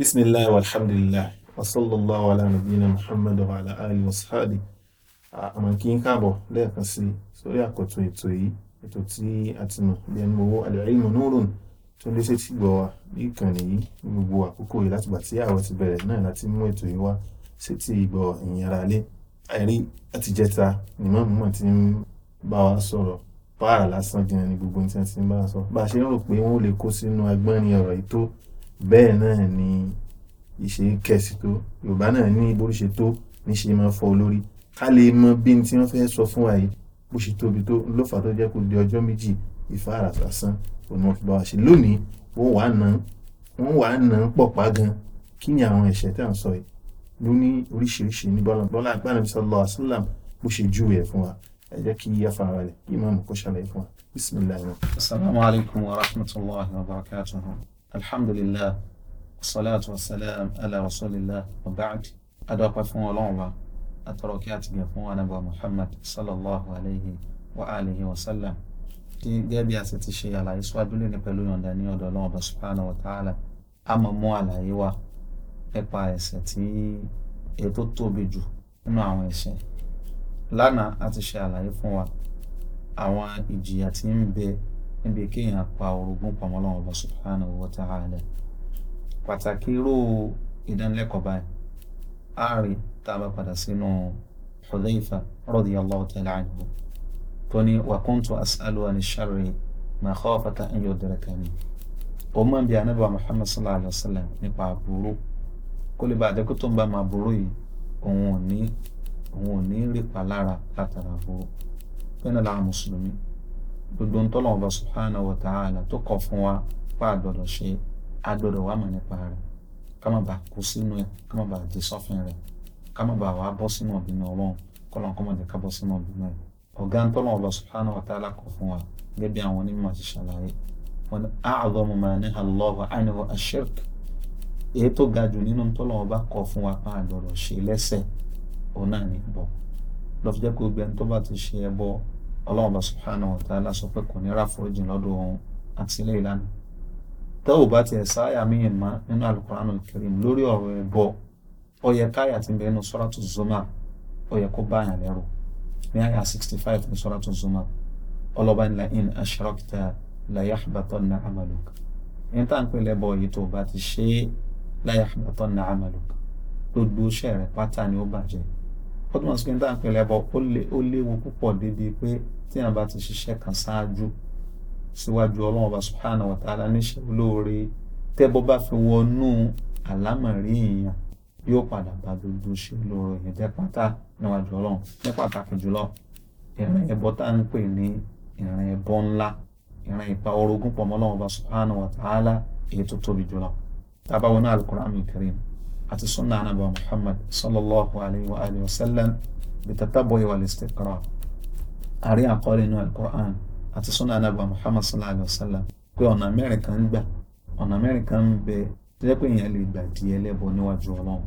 bisimilahi walhamdulilahi wasallallahu ala nabiyina muhammad wa ala alihi wa sahabi àmàkí ń káàbọ̀ lẹ́ẹ̀kan sí sórí àkọ́tún ètò yìí ètò tí a ti mọ̀ bí ẹni owó al-ilmu nurun tó lé sétí gbọ́ wa ní ìkànnì yìí ní gbogbo àkókò yìí látìgbà tí ààwẹ̀ ti bẹ̀rẹ̀ náà láti mú ètò yìí wá sétí ìgbọ́ ìyẹn ara lé àìrí àtijẹ́ta nìmọ̀ mọ̀ ti ń bá wa sọ̀rọ̀ báàrà lásán gan ni gbogbo ní ti ń bá wa sọ bá a ṣe ń rò pé wọ́n lè kó sínú agbọ́nrin ọ̀rọ̀ yìí tó bẹ́ẹ̀ náà ni ìṣe kẹ̀sì tó yorùbá náà ní ìborí ṣe tó níṣe máa fọ́ lórí ká lè mọ bí n tí wọ́n fẹ́ sọ fún wa yìí bó ṣe tóbi tó ló tó jẹ́ kó di ọjọ́ méjì ìfá àràsà san òun wọn fi bá wa ṣe lónìí wọ́n wà ná wọ́n wà ná pọ̀ pa gan kí ni àwọn ẹ̀ṣẹ̀ tí à ń sọ yìí ló ní oríṣiríṣi ní bọ́lá bọ́lá agbára sallallahu alaihi wasallam bó ṣe júwe ẹ̀ fún wa ẹ jẹ́ kí yíyá fara rẹ̀ kí ìmáàmù kó ṣàlàyé fún wa bisimilayi alhamdulilah salatu wasalam ala rasulillah wa ba'd adọ́pẹ́ fún ọlọ́run wa atọ́rọ̀ kí a ti gẹ̀ fún anábọ̀ muhammad sallallahu alayhi wa alihi wa sallam kí gẹ́gẹ́ bí a sì ti ṣe àlàyé síwájú lé ní pẹ̀lú yọ̀ǹda ní ọ̀dọ̀ ọlọ́run ọba subhanahu wa ta'ala a máa mú wa nípa ẹ̀ṣẹ̀ tí ètò tóbi jù nínú àwọn ẹ̀ṣẹ̀ lánàá a ti ṣe àlàyé wa àwọn ìjìyà tí ń bẹ níbi kéèyàn pa orogún pamọ́ lọ́wọ́ bá subhanahu wa ta'ala pàtàkì irú ìdánilẹ́kọ̀ọ́ báyìí ààrẹ tá a bá padà sínú Hudhayfa radiyallahu ta'ala anhu tó ní wa kuntu as'alu an sharri ma khafata an yudrakani ó máa ń bi anábà Muhammad sallallahu alayhi wa sallam nípa àbúrò kó lè bá àdẹ́kù tó ń bá máa burú yìí òun ò ní òun ò ní rí pa látara àbúrò bẹ́ẹ̀ làwọn mùsùlùmí gbogbo ntọ́lọ́run ọba subhanahu wa ta'ala tó kọ̀ fún wa pa àgbọ̀dọ̀ ṣe àgbọ̀dọ̀ wà mọ̀ nípa rẹ̀ ká má bàa kú sínú ẹ̀ ká má bàa di sọ́fin rẹ̀ ká má bàa wá bọ́ sínú ọ̀bìnrin ọlọ́run kọ́ ọba kọ̀ fún wa gẹ́gẹ́ àwọn onímọ̀ ṣàlàyé wọn ọlọ́run bá subhanahu wa ta'ala sọ pé kò ní ra foríjì lọ́dọ̀ òun àti ilé ìlànà tẹ́ ò bá tiẹ̀ sáyà míyìn mọ́ nínú alukuranu kirim lórí ọ̀rọ̀ ẹ̀bọ ó yẹ káyà ti bẹ̀rẹ̀ nínú suratu zumar ó yẹ kó báyà lẹ́rù ní àyà sixty five ní suratu zumar ọlọ́ba ńlá in ashrakta la yahbatanna amaluka ní tá à ń pè lẹ́bọ yìí tó bá ti ṣe la yahbatanna amaluka gbogbo iṣẹ́ rẹ̀ pátá ni ó bàjẹ́ ó túmọ̀ sí pé níta ìpínlẹ̀ bọ̀ ó léwu púpọ̀ débi pé tí èèyàn bá ti ṣiṣẹ́ kan ṣáájú síwájú ọlọ́run ọba subhanahu wa ta'ala níṣẹ́ olóore tẹ́bọ́ bá fi wọnú àlámọ̀rí èèyàn yóò padà bá gbogbo ṣe olóore yẹn jẹ́ pátá níwájú ọlọ́run ní pàtàkì jùlọ ìran ẹbọ tá à ń pè ní ìran ẹbọ ńlá ìran ìpa orogún pọ̀ mọ́ ọlọ́run ọba subhanahu wa ta'ala èyí tó tóbi jùlọ tá a bá wọnú al àti sunna anabi muhammad sallallahu alayhi wa alihi wa sallam bitatabu'i wal istiqra àrí àkọọ́lẹ̀ inú alukur'an àti sunna anabi muhammad sallallahu alayhi wa sallam pé ọ̀nà mẹ́rin kan ń gbà ọ̀nà mẹ́rin kan ń bẹ tó jẹ́ pé èèyàn lè gbà di ẹlẹ́bọ níwájú ọlọ́run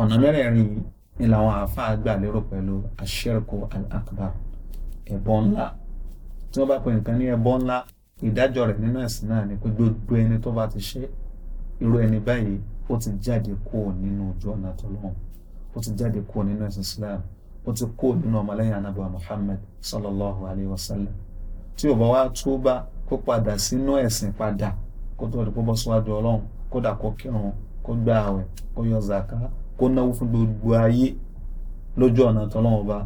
ọ̀nà mẹ́rẹ̀ẹ̀rin yìí ni làwọn àáfàá gbà lérò pẹ̀lú aṣẹ́rìkò al-akbar ńlá tí wọ́n bá pè nǹkan ní ẹ̀bọ ńlá ìdájọ́ rẹ̀ nínú ẹ̀sìn náà ni pé gbogbo ẹni tó bá ti ṣe irú ẹni báyìí ó ti jáde kúrò nínú ojú ọ̀nà tọ́lọ́hún ó ti jáde kúrò nínú ẹ̀sìn Islam ó ti kúrò nínú ọmọlẹ́yìn anábà Muhammad sallallahu alayhi wa sallam tí ò bá wá túbá kó padà sínú ẹ̀sìn padà kó tó di kó bọ́ síwájú ọlọ́run kódà kó kírun kó gbá àwẹ̀ kó yọ zàká kó náwó fún gbogbo ayé lójú ọ̀nà tọ́lọ́hún ọba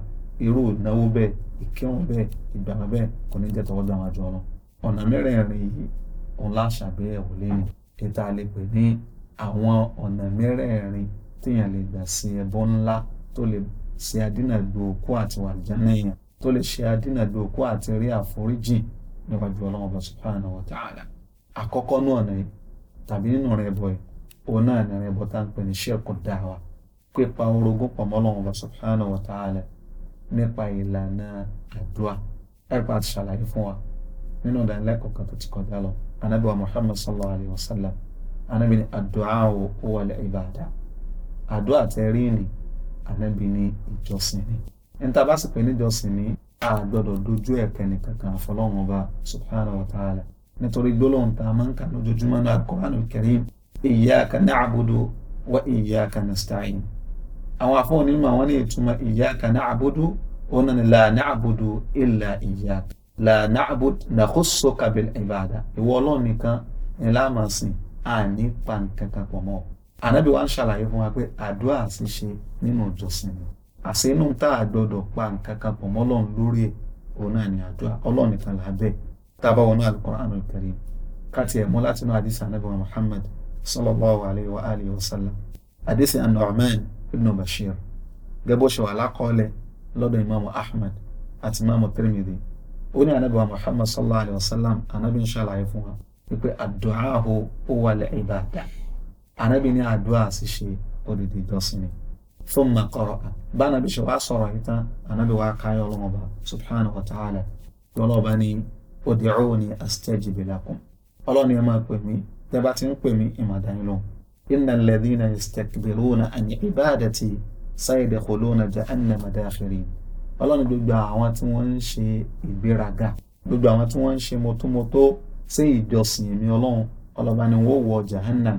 irú ìnáwó bẹ́ẹ̀ ìkírun bẹ́ẹ̀ ìgbàgbọ́ bẹ́ẹ̀ kò ní jẹ́ tọwọ́ gbàmájú ọlọ́run ọ̀nà mẹ́rẹ̀ẹ̀rin yìí òun láṣàbẹ̀yẹ̀wò lẹ́yìn ètò àlepẹ̀ ní àwọn ọ̀nà mẹ́rẹ̀ẹ̀rin téèyàn lè gbà ṣe ẹbọ ńlá tó lè ṣe adínàdó òkú àti wàlìjánà èèyàn tó lè ṣe adínàdó òkú àti rí àforíjì níwájú ọlọ́run ọba subhanahu wa ta'ala àkọ́kọ́ náà ọ̀nà yìí tàbí nínú rẹ̀ bọ̀ yìí òun náà ní rẹ̀ bọ̀ tá à ń pè ní ṣẹ́ẹ̀kù dáwà pípa orogún pọ̀mọ́ ọlọ́run ọba subhanahu wa ta'ala nípa ìlànà àdúrà ẹ̀pà ti ṣàlàyé fún wa nínú ìdánilẹ́kọ̀ọ́ kan tó ti kọjá lọ anábìwá muhammad sallallahu alayhi wa sallam anabi ni adu'a huwa al-ibada àdúrà tẹ rí ni anabi ni ìjọsìn ni níta bá sì pé níjọsìn ni a gbọ́dọ̀ dojú ẹ̀kẹ́ nìkankan àfọlọ́run ọba subhanahu wa ta'ala nítorí gbólóhùn tá a máa ń kà lójoojúmọ́ náà al-Qur'anul Karim iyyaka na'budu wa iyyaka nasta'in àwọn afọ́n onímọ̀ àwọn ní ìtumọ̀ iyyaka na'budu òun náà ni la na'budu illa iyyaka la na'budu nakhussuka bil ibada ìwọ ọlọ́run nìkan sìn àní fa nǹkan kan pọ̀ mọ́ ànábì wa ń ṣàlàyé fún wa pé àdúrà ṣíṣe nínú ìjọsìn ni àṣẹ inú tá a gbọdọ̀ pa nǹkan kan pọ̀ mọ́ ọlọ́run lórí ẹ̀ òun náà ni àdúrà ọlọ́run nìkan là á bẹ̀ tá a bá wọnú Al-Qur'an Al-Karim káàtì ẹ̀ mú látinú àdìsí ànábì wa Muhammad sallallahu alayhi wa alihi wa sallam àdìsí an-Nu'man ibn Bashir gẹ́gbó ṣe wà lákọọ́lẹ̀ lọ́dọ̀ imaamu Ahmad àti imaamu Tirmidhi ó ní ànábì wa Muhammad sallallahu alayhi wa sallam ànábì ń ṣàlàyé fún wa wípé àdúrà ahò ó wà lẹ́ ìbàdà ànábì ní àdúrà ṣíṣe odidi ìjọsìn ni fún makọrọ bá ànábì ṣe wá sọ̀rọ̀ yìí tán ànábì wá káyọ̀ ọlọ́mọba subhanahu wa ta'ala yọlọ́ba ní ud'uni astajib lakum ọlọ́ni ẹ máa pè mí tẹ́ bá ti ń pè mí ìmàdánilò lóhùn innal ladhina yastakbiruna an ibadati sayadkhuluna jahannama dakhirin ọlọ́ni gbogbo àwọn tí wọ́n ń ṣe ìgbéraga gbogbo àwọn tí wọ́n ń ṣe mọ́tómọ́tó ṣé si èmi ọlọ́run ọlọ́ba ni wọ́n wọ jahannam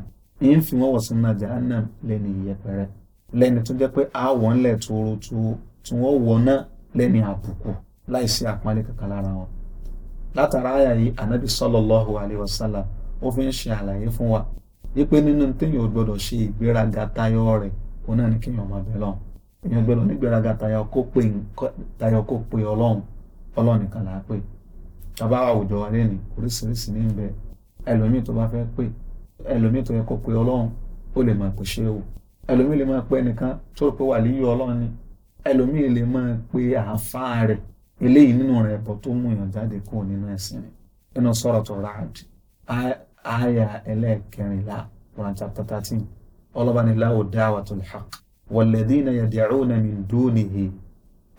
ń fi wọ́n wọ̀ na jahannam lẹ́ni ìyẹpẹrẹ lẹ́ni tó jẹ́ pé àwọ̀ ńlẹ̀ tóoru tí wọ́n wọ̀ náà lẹ́ni àbùkù láì sí àpọ́nlé kankan lára wọn. látara àyà yìí anabi sallallahu alayhi fi ń ṣe fún wa wípé nínú téèyàn ò gbọdọ̀ ṣe ìgbéraga tayọ náà ni kéèyàn máa bẹ̀ lọ́hùn èèyàn gbọdọ̀ nígbéraga tayọ kó pe ọlọ́run ọlọ́run nìkan là tàbá àwùjọ wa lẹ́nu oríṣiríṣi ní bẹ ẹlòmíì tó bá fẹ́ pè ẹlòmíì tó yẹ kó pe ọlọ́run ó lè máa pè ṣé o ẹlòmíì lè máa pe ẹnìkan tó pe wà líyọ ọlọ́run ni ẹlòmíì lè máa pe àáfàá rẹ̀ eléyìí nínú rẹ̀ ẹ̀bọ tó mú èèyàn jáde kúrò nínú ẹ̀sìn rẹ̀ nínú Suratu Ra'd àyà ẹlẹ́ẹ̀kẹrìnlá one chapter thirteen ọlọ́ba ní láwù da'watul haqq walladhina yad'una min dunihi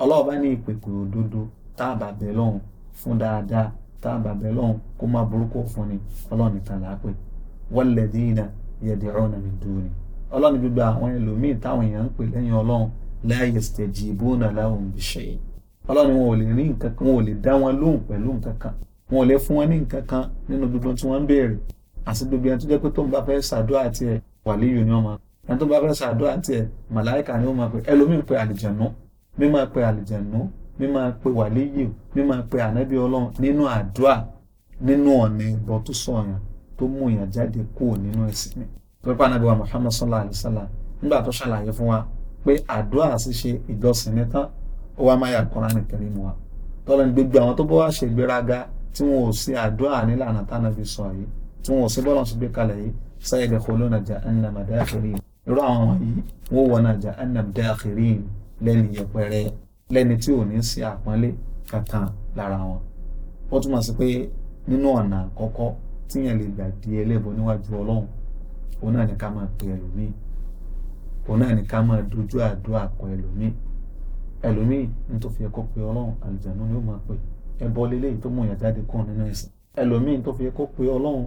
ọlọ́ba ní ìpèkùrò òdodo tá a bá bẹ̀ lọ́hùn fún dáadáa tá a bàbá lọ́hùn kó má burúkú fún ni ọlọ́run nìkan là á pè walladhina yad'una min duni ọlọ́run gbogbo àwọn ẹlòmíín táwọn èèyàn ń pè lẹ́yìn ọlọ́run la yastajibuna lahum bishay ọlọ́run wọn ò lè rí nǹkan kan wọn ò lè dá wọn lóhùn pẹ̀lú nǹkan kan wọn ò lè fún wọn ní nǹkan kan nínú gbogbo tí wọ́n ń béèrè àti gbogbo ẹni tó jẹ́ pé tó ń bá fẹ́ ṣàdúrà tiẹ̀ wàlíyù ni wọ́n máa ẹni tó bá fẹ́ mímáa pe wàlíyù mímáa pe ànábì ọlọ́run nínú àdúrà nínú ọ̀nà ẹ̀bọ tó sọ̀yàn tó mú èèyàn jáde kúrò nínú ẹ̀sìn mi. pípa ànábì wa Muhammad sallallahu alayhi wa sallam nígbà tó ṣàlàyé fún wa pé àdúrà ṣíṣe ìjọsìn ní tán ó wá máa yà Kùránì Kẹ́rímù wa. tọ́lọ́ni gbogbo àwọn tó bọ́ wá ṣe ìgbéraga tí wọn ò sí àdúrà nílànà tánàbí sọ yìí tí wọn ò sí bọ́lá ṣe gbé kalẹ̀ yìí sayadkhuluna jahannama dakhirin irú àwọn wọ̀nyí wọ́n wọ̀ náà yẹpẹrẹ lẹni tí ò ní sí àpọnlé kankan lára wọn ó túmọ̀ pé nínú ọ̀nà àkọ́kọ́ tíyẹn lè gbà di ẹlẹ́bọ níwájú ọlọ́run òun náà ní ká máa pe ẹlòmíì òun náà ní ká máa dojú àdúrà kọ ẹlòmíì ẹlòmíì ní tó fi pe ọlọ́run ni máa pe ẹbọ tó mú jáde kàn nínú ẹlòmíì tó fi ẹkọ pe ọlọ́run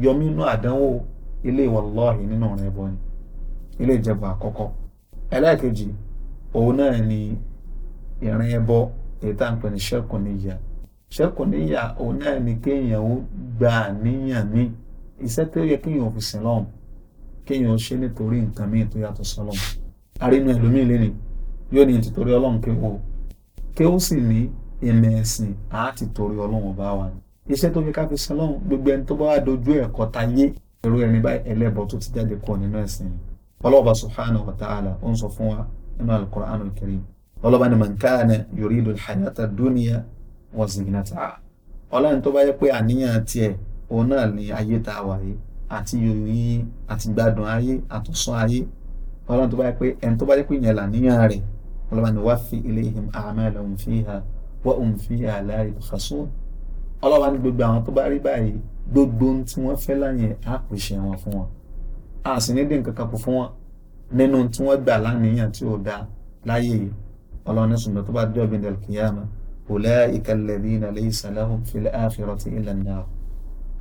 yọmí inú àdánwò ilé wàláhì nínú ọ̀rẹ́ ẹbọ ni ilé ìjẹba àkọ́kọ́ ẹlẹ́ẹ̀kejì òun náà ni ìrìn ẹbọ èyí tá à ń pè ní ṣẹ́kù níyà ṣẹ́kù níyà òun náà ni kéèyàn ó gba àníyàn mi iṣẹ́ tó yẹ kéèyàn ò fi sìn lọ́hùn kéèyàn ó ṣe nítorí nǹkan míì tó yàtọ̀ sọ́lọ́hùn arínú ẹlòmíì lé ni yóò ní ìtìtorí ọlọ́run kéwò kéwò sì ní ìmẹ̀ ẹ̀sìn àá ti ọlọ́run bá wà ní iṣẹ́ tó yẹ ká fi sin lọ́hùn gbogbo ẹni tó bá wà dojú ẹ̀kọ́ ta yé irú ẹni báyìí ẹlẹ́bọ tó ti jáde kúrò nínú ẹ̀sìn ọlọ́ọ̀bà subhanahu wa ta'ala ó ń sọ fún wa nínú al-Qur'anul Karim ọlọ́ọ̀bà ni man kana yuridu al-hayata ad-dunya wa zinataha ọlọ́run tó bá yẹ pé àníyàn tiẹ̀ òun náà ni ayé tá a wà yìí àti yòòyìn àti gbádùn ayé àtúnṣán ayé ọlọ́run tó bá yẹ pé ẹni tó bá yẹ pé ìyẹn ọlọ́wà ní gbogbo àwọn tó bá rí báyìí gbogbo ohun tí wọ́n fẹ́ láyẹn á pèsè wọn fún wọn a sì ní dín kankan kù fún wọn nínú tí wọ́n gbà láníyàn tí ò dáa láyé yìí ọlọ́wà ní sùnmọ́ tó bá dé ọ̀gbìn dẹ̀lkìyàmà ulaika alladhina laysa lahum fil akhirati illa an-nar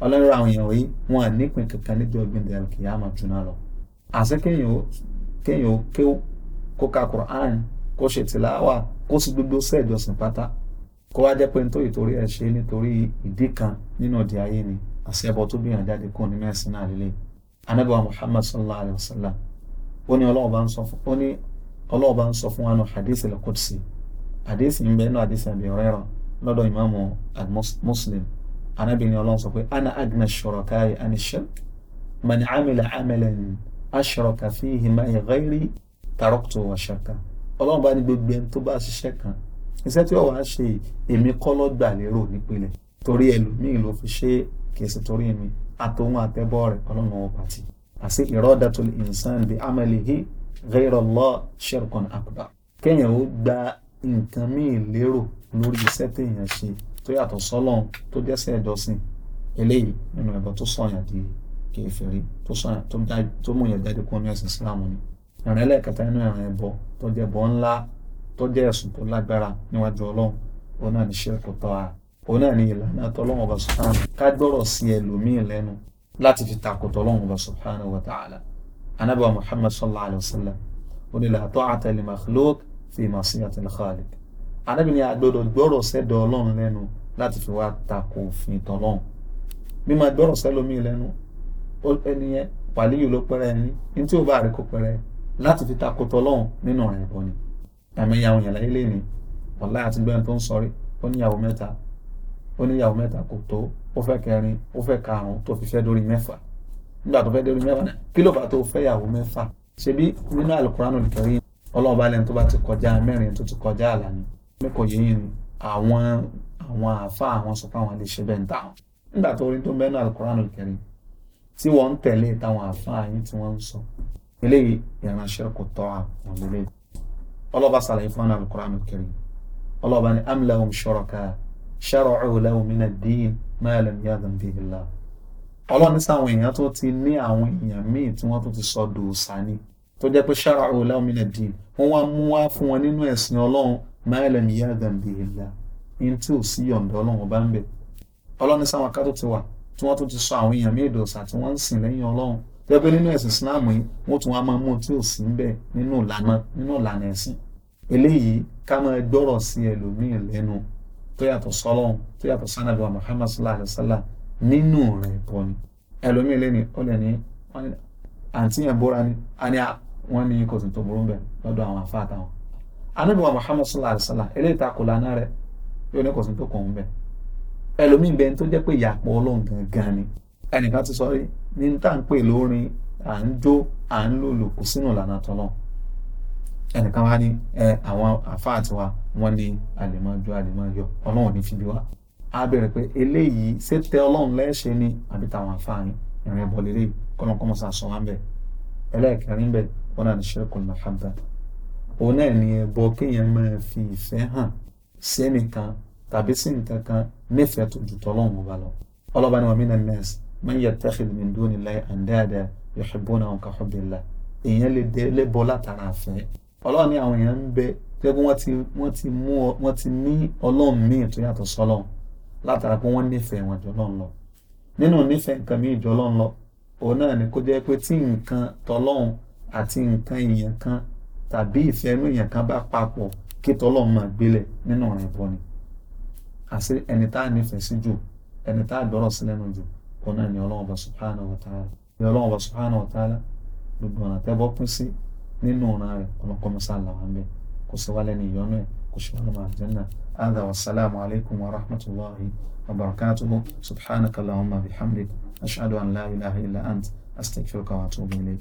ọlọ́run àwọn èèyàn yìí wọn à nípìn kankan níjọ ọ̀gbìn dẹ̀lkìyàmà jù náà lọ àṣẹ kéèyàn kó ka Qur'an kó ṣètìláwà kó sì gbogbo sẹ́ẹ̀dọ̀sìn pátá kó wá jẹ́ pé nítorí torí ẹ̀ ṣe nítorí ìdí kan nínú òde ayé ni àṣẹbọ tó gbìyànjú jáde kó nínú ẹ̀sìn náà lélẹ̀ anábẹ́wà muhammad sallallahu alayhi wa sallam ó ní ọlọ́wọ́ bá ń sọ fún ó ní ọlọ́wọ́ bá ń sọ fún wa nù hadith al-qudsi hadith ń bẹ nínú hadith àbí ọ̀rẹ́ rọ lọ́dọ̀ ìmáàmù muslim anábìnrin ọlọ́run sọ pé ana agna shuraka'i ani shirk man amila amalan ashraka fihi ma'i ghairi taraktu wa shirka ọlọ́run bá ní gbogbo tó bá ṣiṣẹ́ kan iṣẹ́ tí ọ̀wá ṣe èmi kọ́ lọ́gbà lérò nípìnlẹ̀ torí ẹlòmíì ló fi ṣe kì í sì torí mi àtòun àtẹ́bọ́ rẹ̀ ọlọ́run wọn pàtì àti iradatul insan bi amalihi ghayra Allah shirkun akbar kéèyàn ó gba nǹkan míì lérò lórí iṣẹ́ téèyàn ṣe tó yàtọ̀ sọ́lọ́run tó jẹ́sẹ̀ ìjọsìn eléyìí nínú ẹ̀bọ tó sọ̀yàn di kèfèrí tó sọ̀yàn tó mú yàn jáde kó ní ẹ̀sìn Islam ni ìrìn ẹlẹ́ẹ̀kẹta nínú ẹ̀rìn ẹ̀bọ tó jẹ́ bọ́ ńlá tó jẹ́ ẹ̀sùn tó lágbára níwájú ọlọ́run òun náà ní ṣírkù tọ́ a òun náà ní ìlànà tọ́lọ́run ọba subhanahu ká gbọ́rọ̀ sí ẹlòmíín lẹ́nu láti fi takò tọ́lọ́run ọba subhanahu wa ta'ala anabi wa muhammad sallallahu alayhi wa sallam ó ní la ta'ata li makhluq fi ma'siyatil khaliq anabi ní agbọ́dọ̀ gbọ́rọ̀ sẹ́dọ̀ ọlọ́run lẹ́nu láti fi wá takò òfin tọ́lọ́run mímọ gbọ́rọ̀ sẹ́lòmíín lẹ́nu ẹni àmọye àwọn èèyàn láyé lè ní wàhálà àti gbẹ́ni tó ń sọrí ó níyàwó mẹ́ta ó níyàwó mẹ́ta kò tó ó fẹ́ kẹrin ó fẹ́ karùn-ún tó fi fẹ́ dórí mẹ́fà nígbà tó fẹ́ dórí mẹ́fà kí ló bá tó fẹ́ yàwó mẹ́fà ṣebí nínú àlùkùránù kẹrin ọlọ́run bá lẹ́nu tó bá ti kọjá mẹ́rin tó ti kọjá àlàní mẹ́kọ̀ọ́ yìí ni àwọn àwọn àáfà àwọn sọ pé àwọn lè ṣe bẹ́ẹ̀ ń táwọn nígbà tó orin tó ń àlùkùránù kẹrin tí wọ́n ń tẹ̀lé táwọn àáfà yìí tí wọ́n ń sọ eléyìí ìránṣẹ́ kò tọ́ àwọn lélẹ́yìí ọlọ́ba sàlàyé fún àwọn Al-Qur'an Al-Karim ọlọ́ba ni am lahum shuraka shara'u lahum min ad-din ma lam ya'zan bihi Allah ọlọ́ni sáwọn èèyàn tó ti ní àwọn èèyàn míì tí wọ́n tó ti sọ dòòsà ni tó jẹ́ pé shara'u lahum min ad-din wọ́n wá mú wá fún wọn nínú ẹ̀sìn ọlọ́run ma lam ya'zan bihi Allah in tí ò sí yọ̀ǹda ọlọ́run ọba ń bẹ̀ ọlọ́ni sáwọn akátó ti wà tí wọ́n tó ti sọ àwọn èèyàn míì dòòsà tí wọ́n ń sìn lẹ́yìn ọlọ́run pẹ́pẹ́ nínú ẹ̀sìn Islam yìí wọ́n tún wá máa mú tí ò sí bẹ́ẹ̀ nínú ìlànà nínú ìlànà ẹ̀sìn eléyìí ká máa gbọ́rọ̀ sí ẹlòmíì lẹ́nu tó yàtọ̀ sọ́lọ́hún tó yàtọ̀ sanabi wa Muhammad sallallahu alayhi wa sallam nínú rẹ̀ tọ́ ni ẹlòmíì lẹ́ni ó lẹ̀ ní àǹtí yẹn bóra ni a ní wọ́n ní kò sì tó burú bẹ̀ lọ́dọ̀ àwọn afá àtàwọn anabi wa Muhammad sallallahu alayhi wa sallam eléyìí ta kò lánàá rẹ̀ yóò ní kò sì tó kàn ń bẹ̀ ní tá à ń pè lórin à ń jó à ń lòlò kò sínú ìlànà tọ́lọ̀ ẹnìkan wá ní ẹ àwọn àfáà tiwa wọ́n ní a lè máa jó a lè máa ní fìdí wa á bẹ̀rẹ̀ pé eléyìí ṣé tẹ ọlọ́run lẹ́ẹ̀ṣẹ̀ ni àbí táwọn àfáà ni ìrìn ẹ̀bọ̀ lélẹ̀ kọ́lọ́kọ́mọ́sá sọ wá ń bẹ̀ ẹlẹ́ẹ̀kẹrin bẹ̀ wọ́n náà ní ṣẹ́kùn mahabba òun náà ni ẹbọ kéèyàn máa fi ìfẹ́ hàn sẹ́nìkan tàbí sí nǹkan kan nífẹ̀ẹ́ tó ju tọ́lọ́run ọba lọ ọlọ́ba ni wàmí náà nẹ́ẹ̀sì man yattakhid min dunillahi andada yuhibbunahum ka hubbillah èèyàn lè dé lẹ́bọ látara àfẹ́ ọlọ́run ní àwọn èèyàn ń bẹ tẹ́gbọ́n wọ́n ti wọ́n ti mú ọ wọ́n ti ní ọlọ́run míì tó yàtọ̀ sọ́lọ́run látara pé wọ́n nífẹ̀ẹ́ wọn jọlọ́run lọ nínú nífẹ̀ẹ́ nǹkan míì jọlọ́run lọ òun náà ni kó jẹ́ pé tí nǹkan tọlọ́run àti nǹkan èèyàn kan tàbí ìfẹ́ inú èèyàn kan bá papọ̀ kí tọlọ́run máa gbélẹ̀ nínú ọ̀rìn bọ́ni àti ẹni tá a nífẹ̀ẹ́ sí jù ẹni tá a gbọ́rọ̀ sí lẹ́nu jù òun náà ni ọlọ́run ọba subhanahu wa ta'ala ni ọlọ́run ọba subhanahu wa ta'ala gbogbo ọ̀nà tẹ́bọ̀ pín sí nínú ọ̀ràn rẹ̀ ọlọ́kọ́mọsá làwọn ń bẹ̀ kò sí wálé ní ìyọnu ẹ̀ kò sí wálé máa jẹ́ náà هذا والسلام عليكم ورحمة الله وبركاته سبحانك اللهم بحمدك أشهد أن لا إله إلا أنت أستغفرك وأتوب إليك